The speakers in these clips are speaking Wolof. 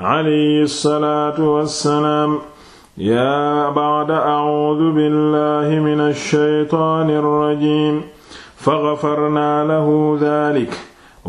alayhi salaatu wassalaam yaa ba'da a'uudu billahi mina shaytaani rajiim fagafarnaa lahu daalika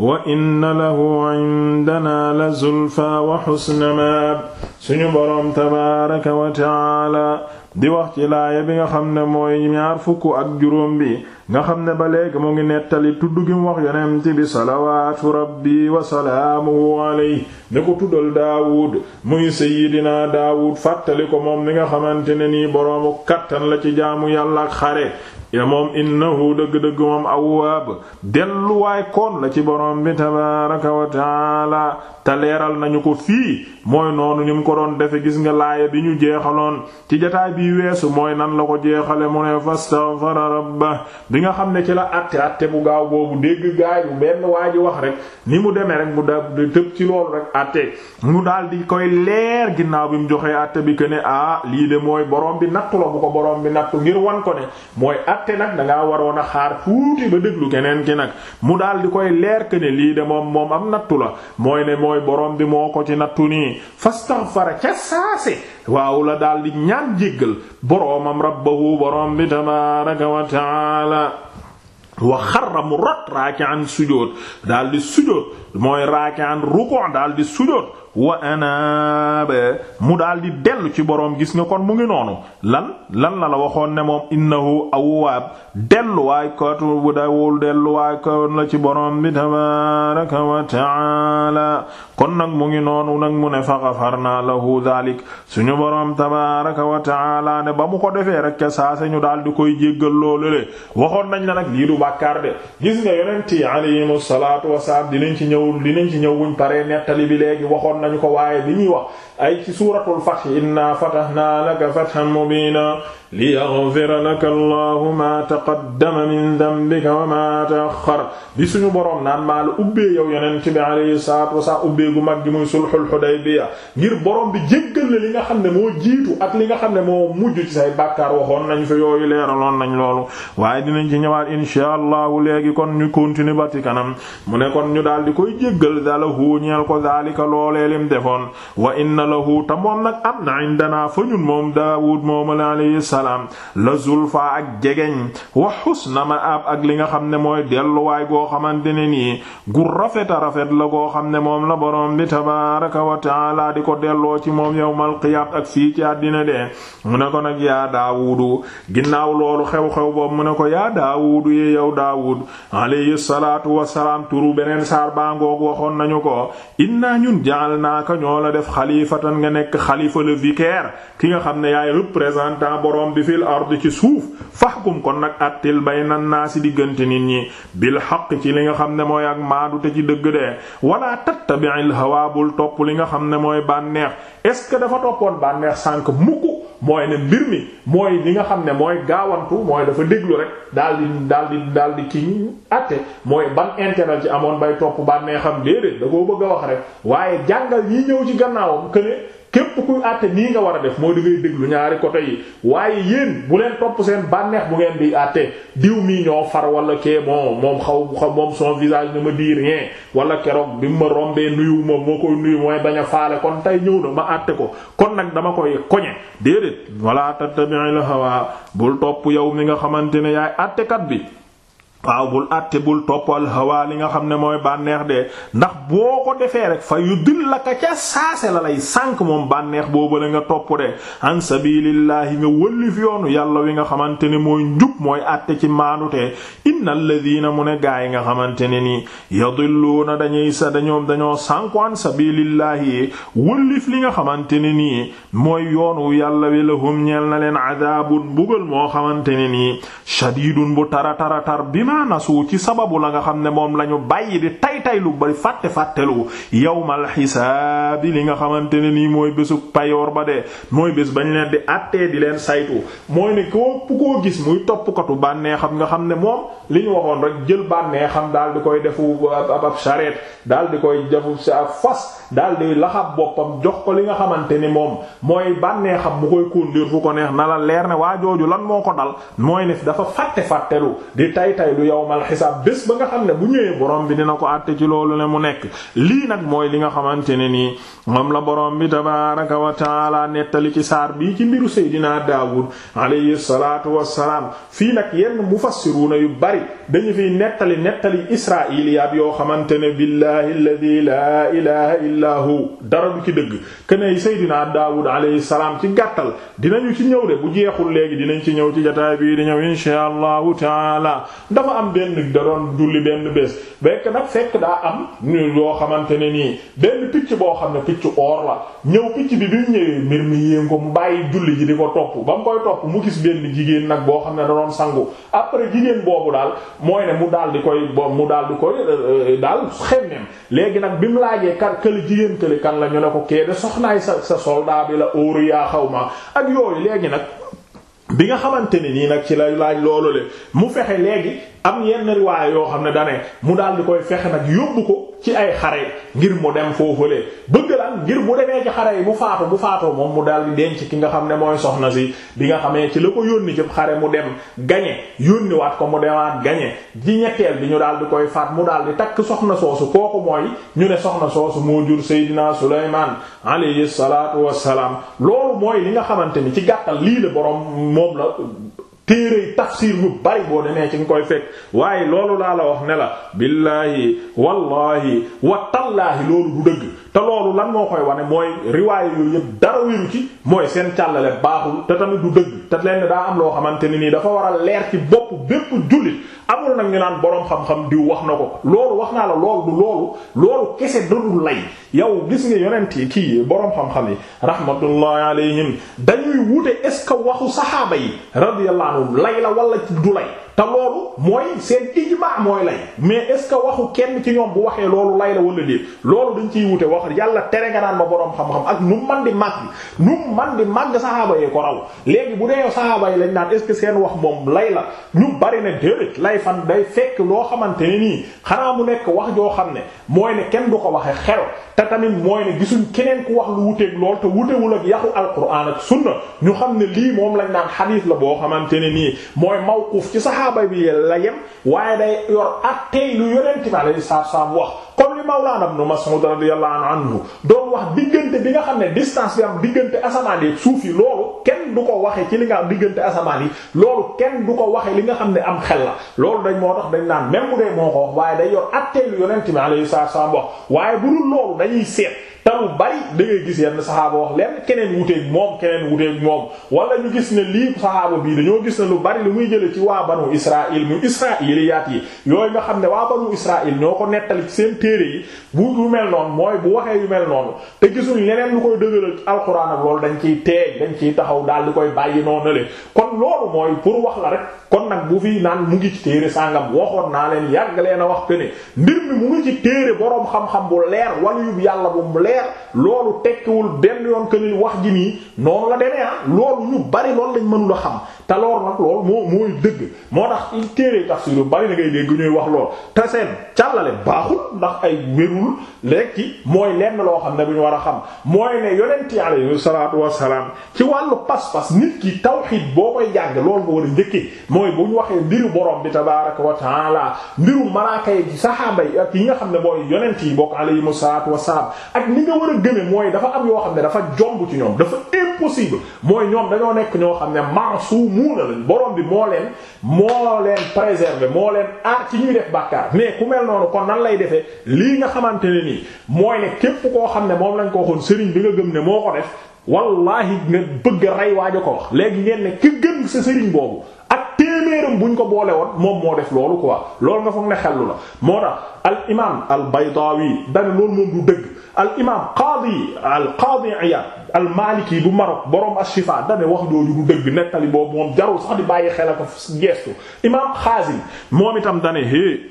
wa inna lahu 'indanaa lazulfaa wa husna maab suñu boroom tabaaraka wa taala di wax ci laaya bi nga xam ne mooy ñaar fukk ak juróom bi nga xam ne ba léegi mu ngi nettali tudd gi mu wax yonent bi salawaatu rabbi wa salaamuhu alayhi ne ko tuddal daawud muy sayyidina daawud fàttali ko moom mi nga xamante ne nii boroomu kattan la ci jaamu yàlla ak xare ya moom innahu dëgg-dëgg moom awwaab delluwaay koon la ci boroom bi tabaaraka wa taala te nañu ko fii mooy noonu ñu ko doon defe gis nga laaya bi ñu jeexaloon ci jataay bi weesu mooy nan la ko jeexale mu ne fastaghfara rabba bi nga xam ne ci la atte atte bu gaaw boobu dégg gaay bu benn waa ji wax rek ni mu demee rek mu da tëb ci loolu rek atte mu daal di koy leer ginnaaw bi mu joxee atte bi que ne ah lii de mooy borom bi nattu la bu ko borom bi nattu ngir wan ko ne mooy atte nag da ngaa waroon a xaar tuuti ba déglu keneen ki nag mu daal di koy leer que lii de moom moom am nattu la mooy ne mooy borom kaffara ca saase waaw la daal di ñaan jéggal boroomam rabbahu bi tabaaraka wa taala wa xarra mu rot raaki'an sujood daal di sujood mooy raaki'an ruku' daal di sujood wa anaab mu dal di dellu ci boroom gis nga kon mu ngi noonu lan lan la la waxoon ne moom innahu awwaab delluwaay katu bu dawul delluwaay kon la ci boroom bi tabaaraka wa taala kon nag mu ngi noonu nag mu ne fa xafarnaa lahu daalik suñu boroom tabaaraka wa taala ne ba mu ko defee rek ca saase ñu daal di koy jéggal loolu le waxoon nañ la nag lii du bàkkaar de gis nga yonent yi alayhimu salaatu ci ñëw dinañ nettali bi léegi waxoon nañu ko waaye bi ñuy wax ay ci suuratul fath inna fatahna laka fathan mubina liyaghfira laka allahu ma taqaddama min dhanbika wa ma ta'akhkhara bi suñu borom naan maa la ubbee yow yonent bi alayhi salaatu wasallam ubbee gu mag gi muy sulhul hudaybiya ngir boroom bi jéggal la li nga xam ne moo jiitu ak li nga xam ne moo mujj ci say bàkkaar waxoon nañ fa yooyu leeraloon nañ loolu waaye dinañ ci ñëwaat insha allahu léegi kon ñu continuer ba ci kanam mu ne kon ñu daal di koy jéggal dalahu ñeel ko lim defoon wa inna lahu ta moom nag am na indana fa ñun moom daawud moomale alayhi salaam la zulfa ak jegeñ wa ma ma'ab ak li nga xam ne mooy delluwaay goo xamante ne nii gu rafeta rafet la goo xam ne moom la boroom bi tabaraka wa taala di ko delloo ci moom yow qiyaam ak fii ci àddina de mu ne ko nag yaa daawudu ginnaaw loolu xew-xew boobu mu ne ko yaa daawudu yee yow daawud alayhi salaatu wasalaam turu beneen saar baa ngoog waxoon nañu ko inna naaka ñoo la def xalifatan nga nekk xalifa le vicaire ki nga xam ne yaay représentant borom bi fil ard ci suuf fahkum kon nag attil bayna naasi diggante nit ñi bil haqq ci li nga xam ne mooy ak maadu te ci dëgg de wala tattabi'il hawa bul topp li nga xam ne mooy bànneex est ce que dafa toppoon bànneex sànk mukk mooy ne mbir mi mooy li nga xam ne mooy gaawantu mooy dafa déglu rek dal di daal di daal di kii atte mooy ban intérêt ci amoon bay topp bànnee xam déedéet da koo bëgg a wax rek waaye jàngal yi ñëw ci gannaawam que képp kuy àtte nii nga war a def moo da ngay déglu ñaari côté yi waaye yéen bu leen topp seen bànneex bu ngeen di àtte diw mi ñoo far wala kee bon moom xaw xaw moom son visage ne ma diir rien wala keroog bi mu ma rombee nuyu moom moo koy nuyu mooy bañ a faale kon tey ñëw na ma àtte ko kon nag dama koy koñe déedéet wala tattabi'il hawa bul topp yow mi nga xamante ne yaay àttekat bi waaw bul àtte bul toppal hawa li nga xam ne mooy bànneex de ndax boo ko defee rek fa yu dil la ka ca saase la lay sànk moom bànneex boobu la nga topp de an sabilillahi nga wëllif yoonu yàlla wi nga xamante ne mooy njub mooy àtte ci maanute innal ladina mu ne gaa yi nga xamante ne nii yadilluuna dañuy sa dañoom dañoo sànku an sabilillahi wëllif li nga xamante ne nii mooy yoonu yàlla wi lahum ñeel na leen adabun bugal moo xamante ne nii shadidun maanasu ci sababu la nga xam ne moom la ñu bàyyi di tay tay lu bari fàtte fàttelu yawmal xisaab li nga xamante ne nii mooy bésu payoor ba de mooy bés bañ leen di attee di leen saytu mooy ne koo koo gis muy toppkatu bànnee xam nga xam ne moom li waxoon rek jël bànnee xam daal di koy defu ab ab charrette daal di koy jafu sa fas daal di laxab boppam jox ko li nga xamante ni moom mooy bànneexam xam mu koy conduire fu ko neex na la leer ne waa jooju lan moo ko dal mooy ne dafa fàtte fàttelu di tay tay yu yawmal xisaab bés ba nga xam ne bu ñëwee borom bi dina ko àtte ci loolu ne mu nekk lii nag mooy li nga xamante ne nii moom la borom bi tabaaraka wa taala nettali ci saar bii ci mbiru Seydina Daawud alayhi salaatu wassalaam fii nag yenn mufassiruuna yu bari dañu fiy nettali nettali israiliyaat yoo xamante ne billaahi alladi laa ilaha illaa hu dara du ci dëgg keney Seydina Daawud alayhi salaam ci gàttal ñu ci ñëw de bu jeexul léegi dinañ ci ñëw ci jotaay bii di ñëw inshaa Allahu taala dañoo am benn da doon julli benn bés xamante ne nii benn picc boo xam ne picc or la ñëw picc bi bi mu ñëwee mbir mi yéen ko mu bàyyi julli ji di ko topp ba mu koy topp mu gis benn jigéen nag boo xam ne da doon sangu après jigéen boobu daal mooy mu daal di koy bo mu daal di koy euh, daal xemmem léegi nag bi mu laajee kan këli jigéen këli kan la ñu ne ko kee de soxnaay sa sa soldat bi la óoru yaa xaw ma ak yooyu léegi nag bi nga xamante ne nii nag ci lay laaj loolu le mu fexe léegi am yenn riwaay yoo xam ne dane mu daal di koy fexe nag yóbbu ko ci ay xare ngir mu dem foofalee bëgg lan ngir bu demee ci xare yi bu faatu bu faatoo moom mu daal denc ki nga xam ne mooy soxna si bi nga xamee ci la ko yónni ci xare mu dem gañe yónniwaat ko mu demaat gañe ji ñetteel bi ñu daal di koy faat mu daal di takk soxna soosu kooku mooy ñu ne soxna soosu moo jur Seydina Sulaymaan alayhi salaatu wassalaam loolu mooy li nga xamante ni ci gàttal lii la boroom moom la téerey tafsir yu bari boo demee ci nga koy fekk waaye loolu laa la wax ne la billaahi wallaahi wa tallaahi loolu du dëgg te loolu lan moo koy wane mooy riwaay yooyu yëpp dara wéru ci mooy seen càllale baaxul te tamit du dëgg te lenn daa am loo xamante ni nii dafa war a leer ci bopp bépp jullit amul nag ñu naan boroom xam-xam diw wax na ko loolu wax naa la lool du loolu loolu kese dadul lay yow gis nga yonent yi kii boroom xam-xam yi rahmatullahi alayhim dañuy wute est ce que waxu saxaaba yi radiyallahu anhum lay la wala du lay te loolu mooy seen ijmaa mooy lay mais est ce que waxu kenn ci ñoom bu waxee loolu lay la wala déet loolu dañ ciy wute wax yàlla tere nga naan ma boroom xam-xam ak nu man di màgg nu man di màgg saxaaba yi ko raw léegi bu dee saxaaba yi lañ naan est seen wax moom lay la ñu bari na déedéet lay fan day fekk loo xamante ne nii xanaa mu nekk wax joo xam ne mooy ne kenn du ko waxee xel te tamit mooy ne gisuñ keneen ku wax lu wuteeg lool te wutewul ak yaxu alquran ak sunna ñu xam ne lii moom lañ naan xadiis la boo xamante ne saxaaba bi la yem waaye day yor attey lu yonent bi alayhi salaam wax comme li Mawlaana Ibn Mas'ud radiyallahu anhu doon wax diggante bi nga xam ne distance bi am diggante asamaan yi suuf yi loolu kenn du ko waxee ci li nga am diggante asamaan yi loolu kenn du ko waxee li nga xam ne am xel la loolu dañ moo tax dañ naan mem bu dee moo ko wax waaye day yor attey lu yonent bi alayhi salaam wax waaye bu dul loolu dañuy seet te lu bari da ngay gis yenn saxaaba wax leen keneen wuteeg moom keneen wuteeg moom wala ñu gis ne lii saxaaba bii dañoo gis ne lu bari lu muy jële ci waa banu israil mu israiliyaat yi yooyu nga xam ne waa banu israil ñoo ko nettali seen téere yi bu yu mel noonu mooy bu waxee yu mel noonu te gisuñ leneen lu koy dëgëral alxuraan ak loolu dañ ciy teey dañ ciy taxaw daal di koy bàyyi noonu le kon loolu mooy pour wax la rek kon nag bu fi naan mu ngi ci téere sàngam naa leen yàgg wax que ne mbir leer loolu tekkiwul benn yoon ko ni wax ji nii noonu la demee ah loolu ñu bari loolu lañ mënula xam te loolu nag loolu moo mooy dëgg moo tax téere tafsir lu bari na ngay dégg ñuy wax lool te seen càllale baaxul ndax ay wérul rek ci mooy lenn loo xam ne bu ñu war a xam mooy ne yonent alayhi salaatu wassalaam ci wàllu pas-pas nit ki tawxiid boo koy jàng loolu nga war a njëkkee waxee mbiru boroom bi tabaaraka wa taala mbiru malaaka yi saxaaba yi ak yi nga xam ne mooy yonent yi bokk alayhi salaatu wassalaam ni nga war a gëme mooy dafa am yoo xam ne dafa jomb ci ñoom dafa impossible mooy ñoom dañoo nekk ñoo xam ne ma'sumuuna lañ borom bi moo leen moo leen préserver moo leen aar ci ñuy def bàkkaar mais ku mel noonu ko nan lay defee lii nga xamante ne nii mooy ne képp koo xam ne moom lañ ko waxoon sëriñ bi nga gëm ne moo ko def wallahi nga bëgg a rey waaja ko wax léegi ngeen ne ki gën sa sëriñ boobu ak téeméeram buñ ko boole woon moom moo def loolu quoi loolu nga foog ne la moo tax al al imaam qaadi al qaadi Iyaad al Maliki bu Marok borom Ashifa da ne wax jooju du dëgg nettali boobu moom jarul sax di bàyyi xel ko geestu imaam Xaazim moom itam da ne hee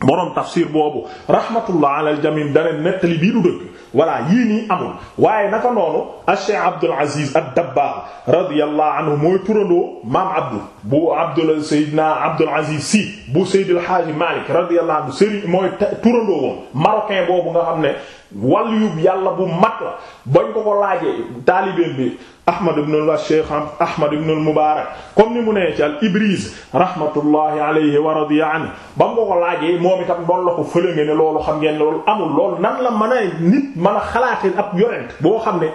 borom tafsir boobu rahmatullah ala al jamii da ne nettali bii du dëgg voilà yii nii amul waaye naka noonu Cheikh Abdul Aziz ad-Dabbaagh radiyallahu anhu mooy turandoo maam Abdou bu Abdul Seydina Abdul Aziz si bu Seydil Haaji Malik radiyallahu anhu Serigne mooy turandoo woon marocain boobu nga xam ne. wàllu yàlla bu mat la bañ ko ko laajee taalibeen bi Ahmad ibn al-Shaykh Ahmad ibn al-Mubarak comme ni mu nee ci al-Ibriz rahmatullahi alayhi wa radiya anhu ba mu ko laajee moom itam doon la ko xam ngeen loolu amul loolu nan la mën a nit mën a ab yonent boo xam ne.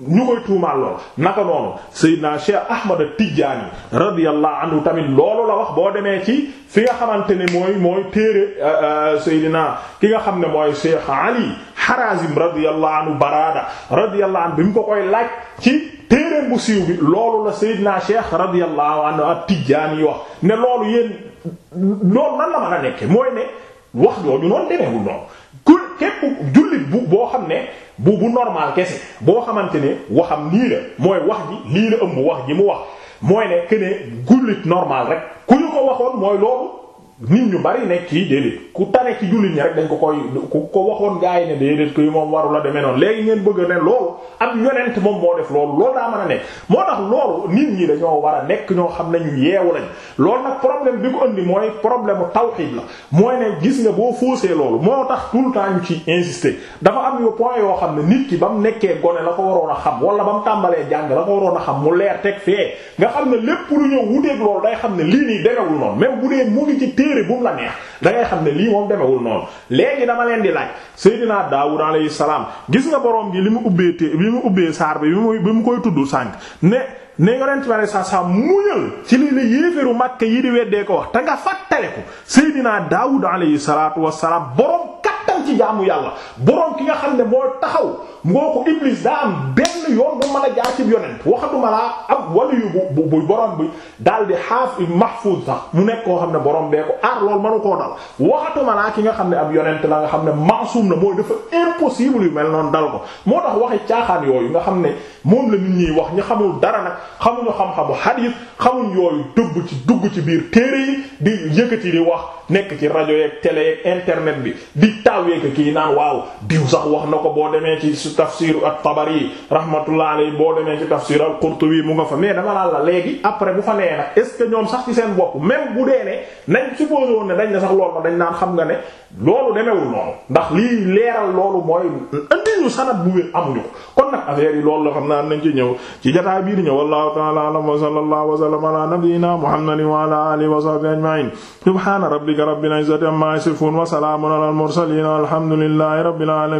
ñu koy tuumaal na naka noonu Seydina Cheikh Ahmad Tidjani radiyallahu anhu tamit loolu la wax boo demee ci fi nga xamante ne mooy mooy téere euh, euh, Seydina ki nga xam ne mooy Cheikh Ali Harazim radiyallahu anhu Barada radiyallahu anhu bi mu ko koy laaj ci téereem bu siiw bi loolu la Seydina Cheikh radiyallahu anhu at-Tijaani wax ne loolu yéen loolu nan la mën a nekke mooy ne wax jooju noonu demeewul noonu ku képp jullit bu boo xam ne bu bu normal kese boo xamante ne waxam nii la mooy wax ji lii la ëmb wax ji mu wax mooy ne que ne jullit normal rek ku ñu ko waxoon mooy loolu. nit ñu bari nekk ci déedéet ku tane ci jullit ñi rek dañ ko koy ku ko waxoon gaay ne déedéet ko yi moom waru la demee noonu léegi ngeen bëgg ne loolu am yonent moom moo def loolu loolu a moo tax loolu nit ñi dañoo war a nekk ñoo xam ne ñu yeewu lañ loolu nag problème bi ko indi mooy problème tawxiid la mooy ne gis nga boo faussé loolu moo tax tout le temps ñu ci insister dafa am yo point yoo xam ne nit ki ba mu nekkee gone la ko waroon a xam wala ba mu tàmbalee jàng la ko waroon a xam mu leer teg fee nga xam ne lépp lu ñëw wuteeg loolu lii nii demewul téere bu mu la neex da ngay xam ne lii moom demewul noonu léegi dama leen di laaj Seydina Daawud alayhi salaam gis nga borom gi li mu ubbee te li mu ubbee saar bi bi mu koy tudd sànq ne ne yonent bi alayhi salaam muñal ci li la yéeféeru Makka yi di weddee ko wax te nga fàttaleku Seydina Daawud alayhi salaatu wassalaam borom kattan ci jaamu yàlla borom ki nga xam ne moo taxaw moo ko Iblis daa am benn yoon bu mën a jaar ci yonent waxatuma laa ab waliyu bu bu borom bi daal di xaaf mahfuz sax mu nekk koo xam ne borom bee ko aar loolu mënu koo dal waxatuma laa ki nga xam ne ab yonent la nga xam ne maasum na mooy dafa impossible yu mel noon dal ko moo tax waxi caaxaan yooyu nga xam ne moom la nit ñiy wax ñu xamul dara nag xamuñu xam-xamu hadith xamuñ yooyu dugg ci dugg ci biir téere yi di yëkkati di wax. nekk ci rajo yeeg télé yeeg internet bi di taawee ko kii naan waaw diw sax wax na ko boo demee ci tafsir at-Tabari rahmatullah alayhi boo demee ci tafsir al-Qurtubi mu nga fa mais dama laal la léegi après bu fa nee nag ce que ñoom sax ci seen bopp même bu dee ne nañ supposé woon ne dañ ne sax loolu dañ naan xam nga ne loolu demeewul noonu ndax lii leeral loolu mooy. suñu sanad bu wér amuñu ko kon nag affaire yi loolu la xam naa nañ ci ñëw ci jotaay bii di ñëw wallahu ta'ala a'lam wa sallallahu wa sallama ala nabiyyina muhammadin wa ala alihi wa sahbihi ajma'in subhana rabbika rabbil izzati amma yasifun wa salamun alal mursalin walhamdulillahi rabbil alamin